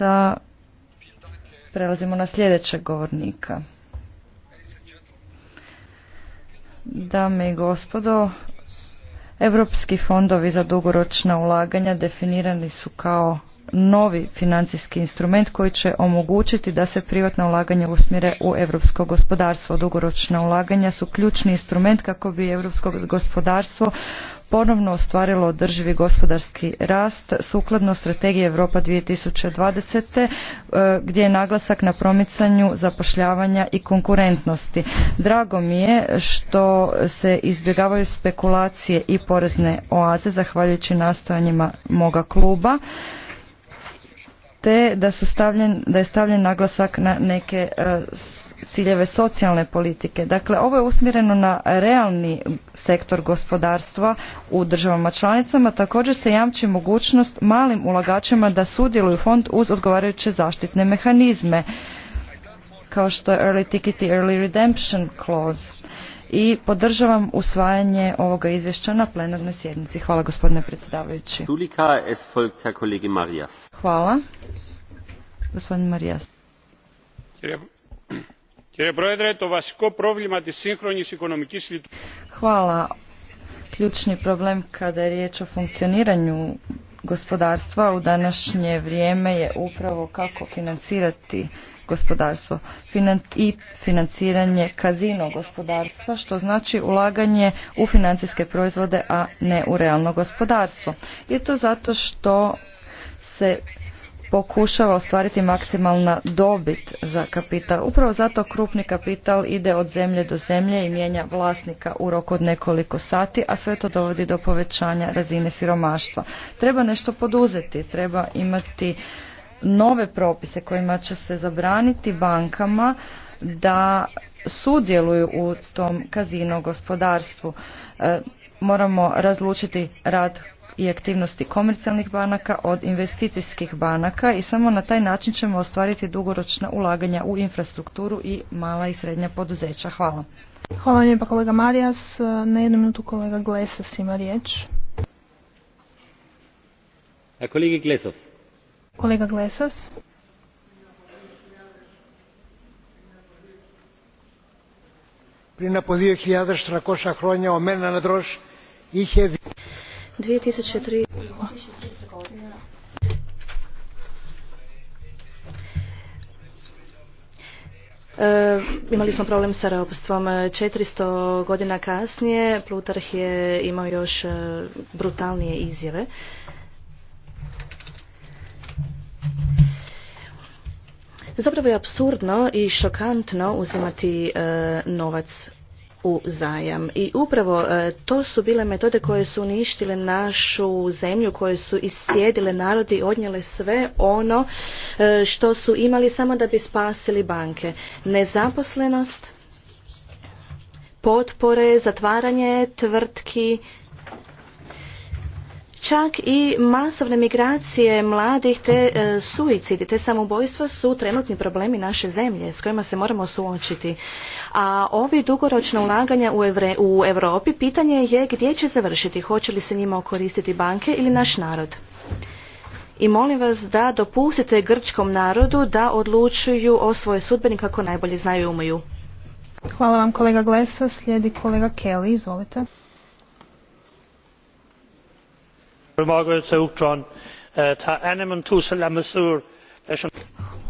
da prelazimo na sljedećeg govornika. Dame i gospodo, Europski fondovi za dugoročna ulaganja definirani su kao novi financijski instrument koji će omogućiti da se privatna ulaganja usmjere u evropsko gospodarstvo. Dugoročna ulaganja su ključni instrument kako bi evropsko gospodarstvo ponovno ostvarilo održivi gospodarski rast sukladno strategiji Europa 2020. E, gdje je naglasak na promicanju zapošljavanja i konkurentnosti. Drago mi je što se izbjegavaju spekulacije i porezne oaze zahvaljujući nastojanjima moga kluba te da, da je stavljen naglasak na neke e, ciljeve socijalne politike. Dakle, ovo je usmjereno na realni sektor gospodarstva u državama članicama. Također se jamči mogućnost malim ulagačima da sudjeluju fond uz odgovarajuće zaštitne mehanizme kao što je Early Ticket i Early Redemption Clause. I podržavam usvajanje ovoga izvješća na plenarnoj sjednici. Hvala gospodine predsjedavajući. Hvala. Gospodin Marijas. Hvala. Ključni problem kada je riječ o funkcioniranju gospodarstva u današnje vrijeme je upravo kako financirati gospodarstvo i financiranje kazino gospodarstva što znači ulaganje u financijske proizvode a ne u realno gospodarstvo i to zato što se pokušava ostvariti maksimalna dobit za kapital. Upravo zato krupni kapital ide od zemlje do zemlje i mijenja vlasnika u roku od nekoliko sati, a sve to dovodi do povećanja razine siromaštva. Treba nešto poduzeti, treba imati nove propise kojima će se zabraniti bankama da sudjeluju u tom kazino gospodarstvu. E, moramo razlučiti rad i aktivnosti komercijalnih banaka od investicijskih banaka i samo na taj način ćemo ostvariti dugoročna ulaganja u infrastrukturu i mala i srednja poduzeća. Hvala. Hvala lijepa kolega Marijas. Na jednu minutu kolega Glesas ima riječ. A kolegi Glesas. Kolega Glesas. Prije na po 2400 na drož 2003 e, imali smo problem sa robstvom. 400 godina kasnije Plutarh je imao još e, brutalnije izjave. Zapravo je absurdno i šokantno uzimati e, novac u zajam. I upravo e, to su bile metode koje su uništile našu zemlju, koje su isjedile narodi i odnijele sve ono e, što su imali samo da bi spasili banke. Nezaposlenost, potpore, zatvaranje tvrtki, Čak i masovne migracije mladih te e, suicidi, te samobojstva su trenutni problemi naše zemlje s kojima se moramo suočiti. A ovi dugoročno ulaganja u, Europi pitanje je gdje će završiti, hoće li se njima koristiti banke ili naš narod i molim vas da dopustite grčkom narodu da odlučuju o svojoj sudbini kako najbolje znaju i umaju. Hvala vam kolega Glesa, slijedi kolega Kelly, izvolite. E, e,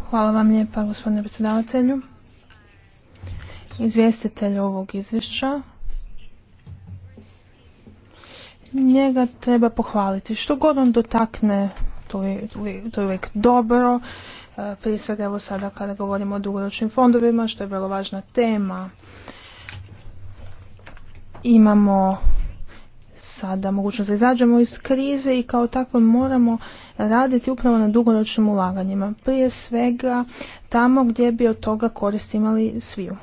Hvala lijepa gospodine predsjedavatelju. Izvjestitelj ovog izvješća njega treba pohvaliti. Što god on dotakne, to je, to je uvijek dobro. E, prije svega evo sada kada govorimo o dugoročnim fondovima, što je vrlo važna tema. Imamo sada mogućnost da izađemo iz krize i kao takvo moramo raditi upravo na dugoročnim ulaganjima. Prije svega tamo gdje bi od toga korist imali sviju,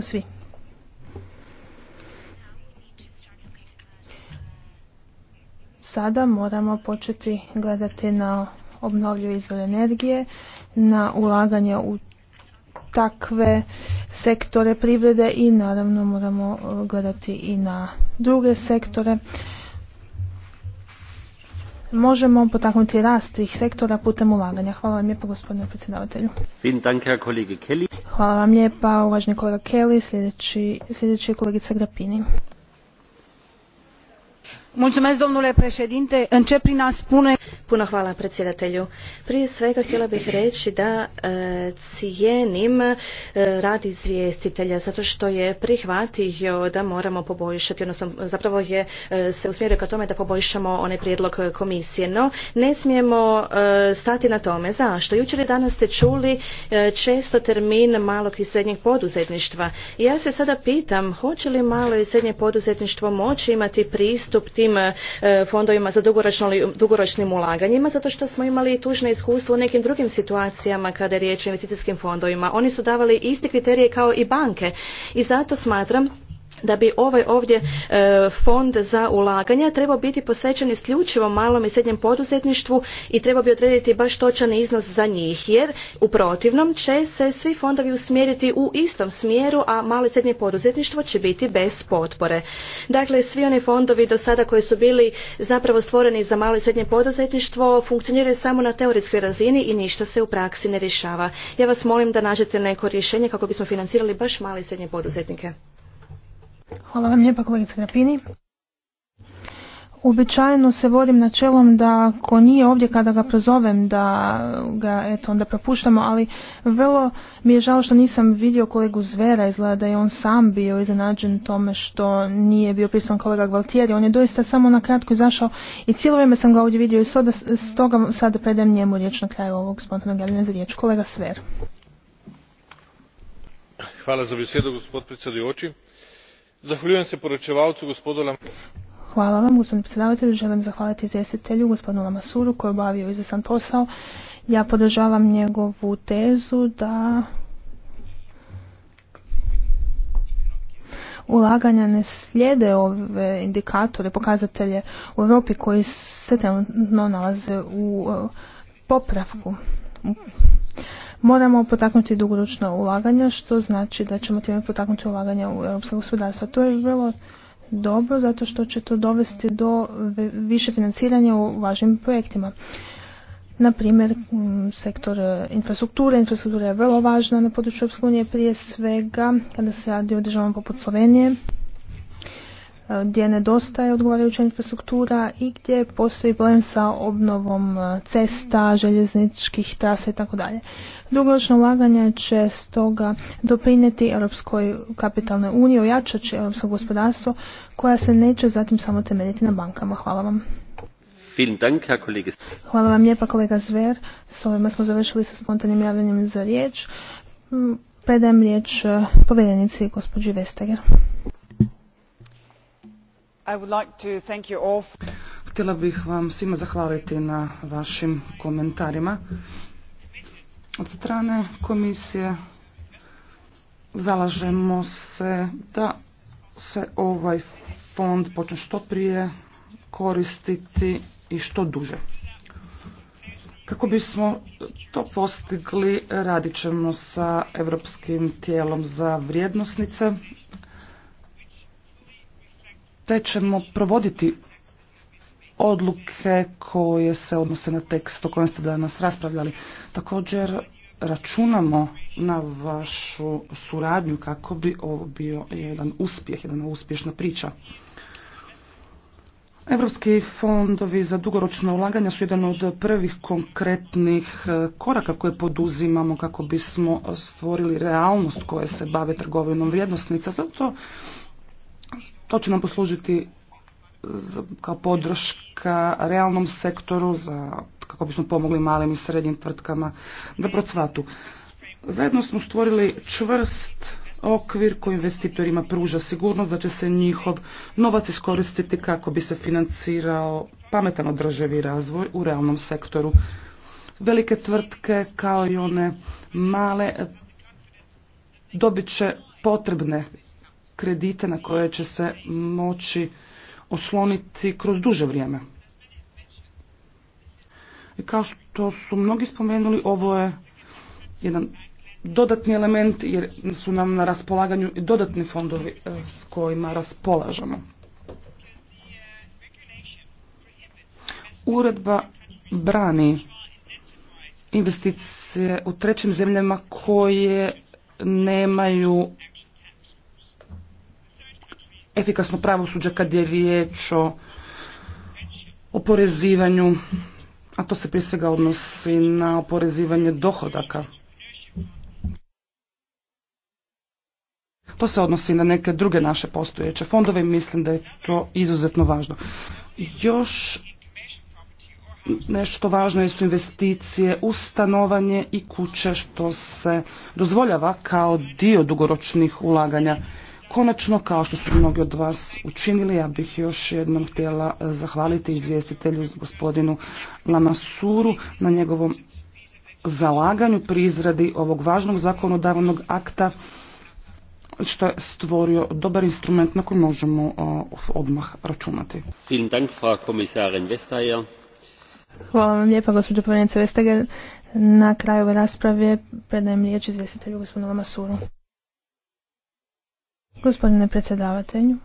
svi. Sada moramo početi gledati na obnovljive izvore energije, na ulaganje u takve sektore privrede i naravno moramo e, gledati i na druge sektore. Možemo potaknuti rast tih sektora putem ulaganja. Hvala vam lijepa gospodine predsjedavatelju. Hvala vam lijepa uvaženi kolega Kelly, sljedeći, sljedeći je kolegica Grapini domnule predsjedniče încep prin a puno hvala predsjedatelju prije svega htjela bih reći da e, cijenim e, rad izvjestitelja zato što je prihvatio da moramo poboljšati odnosno zapravo je e, se usmjerio ka tome da poboljšamo onaj prijedlog komisije no ne smijemo stati na tome zašto jučer i danas ste čuli često termin malog i srednjeg poduzetništva ja se sada pitam hoće li malo i srednje poduzetništvo moći imati pristup tim tim e, fondovima za dugoročnim ulaganjima zato što smo imali tužno iskustvo u nekim drugim situacijama kada je riječ o investicijskim fondovima. Oni su davali iste kriterije kao i banke i zato smatram da bi ovaj ovdje e, fond za ulaganja trebao biti posvećen isključivo malom i srednjem poduzetništvu i trebao bi odrediti baš točan iznos za njih jer u protivnom će se svi fondovi usmjeriti u istom smjeru a malo i srednje poduzetništvo će biti bez potpore. Dakle, svi oni fondovi do sada koji su bili zapravo stvoreni za malo i srednje poduzetništvo funkcioniraju samo na teoretskoj razini i ništa se u praksi ne rješava. Ja vas molim da nađete neko rješenje kako bismo financirali baš male i srednje poduzetnike. Hvala vam lijepa kolegice Grapini. Uobičajeno se vodim načelom da ko nije ovdje kada ga prozovem da ga eto onda propuštamo, ali vrlo mi je žao što nisam vidio kolegu Zvera, izgleda da je on sam bio iznenađen tome što nije bio prisutan kolega Gvaltieri, on je doista samo na kratko izašao i cijelo vrijeme sam ga ovdje vidio i stoga, toga sada predajem njemu riječ na kraju ovog spontanog javljanja za riječ. Kolega Sver. Hvala za besedo, gospod zahvaljujem se Hvala vam, gospodine predsjedavatelju. Želim zahvaliti izvjestitelju, gospodinu Lamasuru, koji je obavio izvjestan posao. Ja podržavam njegovu tezu da ulaganja ne slijede ove indikatore, pokazatelje u Europi koji se trenutno nalaze u eh, popravku, moramo potaknuti dugoročna ulaganja, što znači da ćemo time potaknuti ulaganja u europska gospodarstva. To je vrlo dobro zato što će to dovesti do više financiranja u važnim projektima. Na primjer, sektor e, infrastrukture. Infrastruktura je vrlo važna na području Europske prije svega kada se radi o državama poput Slovenije gdje nedostaje odgovarajuća infrastruktura i gdje postoji problem sa obnovom e, cesta, željezničkih trasa itd. Dugoročno ulaganje će stoga doprinijeti Europskoj kapitalnoj uniji, ojačat će europsko gospodarstvo koja se neće zatim samo temeljiti na bankama. Hvala vam. Hvala vam lijepa kolega Zver. S ovima smo završili sa spontanim javljanjem za riječ. Mm, predajem riječ e, povjerenici gospođi Vestager. I Htjela bih vam svima zahvaliti na vašim komentarima. Od strane komisije zalažemo se da se ovaj fond počne što prije koristiti i što duže. Kako bismo to postigli, radit ćemo sa Europskim tijelom za vrijednosnice, te ćemo provoditi odluke koje se odnose na tekst o kojem ste danas raspravljali. Također računamo na vašu suradnju kako bi ovo bio jedan uspjeh, jedna uspješna priča. Europski fondovi za dugoročno ulaganja su jedan od prvih konkretnih e, koraka koje poduzimamo kako bismo stvorili realnost koje se bave trgovinom vrijednosnica. Zato to će nam poslužiti kao podrška realnom sektoru za, kako bismo pomogli malim i srednjim tvrtkama da procvatu. Zajedno smo stvorili čvrst okvir koji investitorima pruža sigurnost da će se njihov novac iskoristiti kako bi se financirao pametan održivi razvoj u realnom sektoru. Velike tvrtke kao i one male dobit će potrebne kredite na koje će se moći osloniti kroz duže vrijeme. I kao što su mnogi spomenuli, ovo je jedan dodatni element jer su nam na raspolaganju i dodatni fondovi eh, s kojima raspolažemo. Uredba brani investicije u trećim zemljama koje nemaju efikasno pravosuđe kad je riječ o oporezivanju, a to se prije svega odnosi na oporezivanje dohodaka. To se odnosi na neke druge naše postojeće fondove i mislim da je to izuzetno važno. Još nešto važno su investicije u stanovanje i kuće što se dozvoljava kao dio dugoročnih ulaganja. Konačno, kao što su mnogi od vas učinili, ja bih još jednom htjela e, zahvaliti izvjestitelju gospodinu Lamasuru na njegovom zalaganju pri izradi ovog važnog zakonodavnog akta što je stvorio dobar instrument na koji možemo e, odmah računati. Hvala vam lijepa, gospođo povjerenica Vestager. Na kraju ove rasprave predajem riječ izvjestitelju gospodinu Lamasuru. Gospodine predsjedavatelju,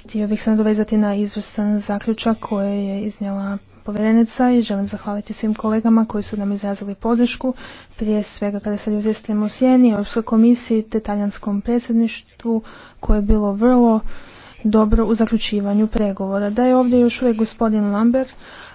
htio bih se nadovezati na izvrstan zaključak koje je iznjela povjerenica i želim zahvaliti svim kolegama koji su nam izrazili podršku, prije svega kada se izvjestimo u Sjeni, Europskoj komisiji te talijanskom predsjedništvu koje je bilo vrlo dobro u zaključivanju pregovora. Da je ovdje još uvijek gospodin Lambert,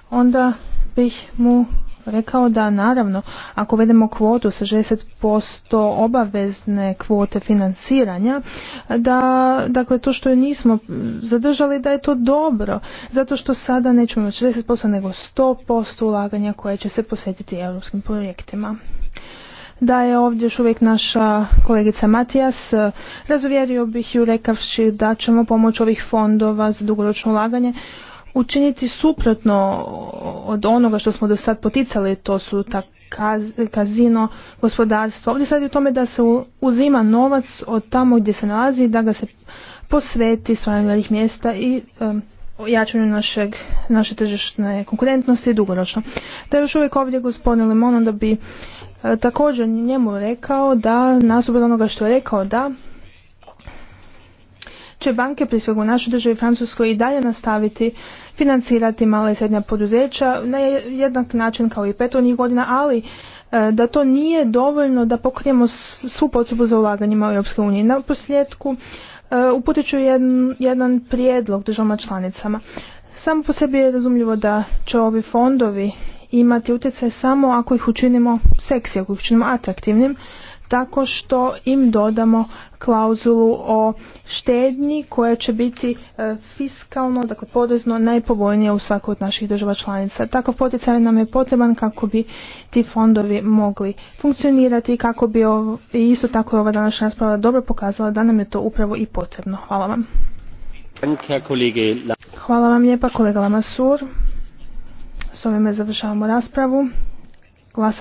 onda bih mu rekao da naravno ako vedemo kvotu sa 60% obavezne kvote financiranja da dakle to što nismo zadržali da je to dobro zato što sada nećemo imati 60% nego 100% ulaganja koje će se posjetiti europskim projektima da je ovdje još uvijek naša kolegica Matijas. Razuvjerio bih ju rekavši da ćemo pomoć ovih fondova za dugoročno ulaganje učiniti suprotno od onoga što smo do sad poticali, to su ta kazino gospodarstva. Ovdje sad je u tome da se uzima novac od tamo gdje se nalazi, da ga se posveti svojim radnih mjesta i um, jačanju našeg, naše tržišne konkurentnosti dugoročno. Da još uvijek ovdje gospodin Lemon da bi e, također njemu rekao da nasuprot onoga što je rekao da će banke, prije svega u našoj državi Francuskoj, i dalje nastaviti financirati male i srednja poduzeća na jednak način kao i prethodnih godina, ali e, da to nije dovoljno da pokrijemo svu potrebu za ulaganjima u Europske unije. Na posljedku e, uputit ću jedan, jedan prijedlog državama članicama. Samo po sebi je razumljivo da će ovi fondovi imati utjecaj samo ako ih učinimo seksi, ako ih učinimo atraktivnim, tako što im dodamo klauzulu o štednji koja će biti e, fiskalno, dakle porezno najpovoljnija u svakoj od naših država članica. Takav poticaj nam je potreban kako bi ti fondovi mogli funkcionirati i kako bi ovo, isto tako je ova današnja rasprava dobro pokazala da nam je to upravo i potrebno. Hvala vam. Hvala vam lijepa kolega Lamasur. S ovime završavamo raspravu. Glas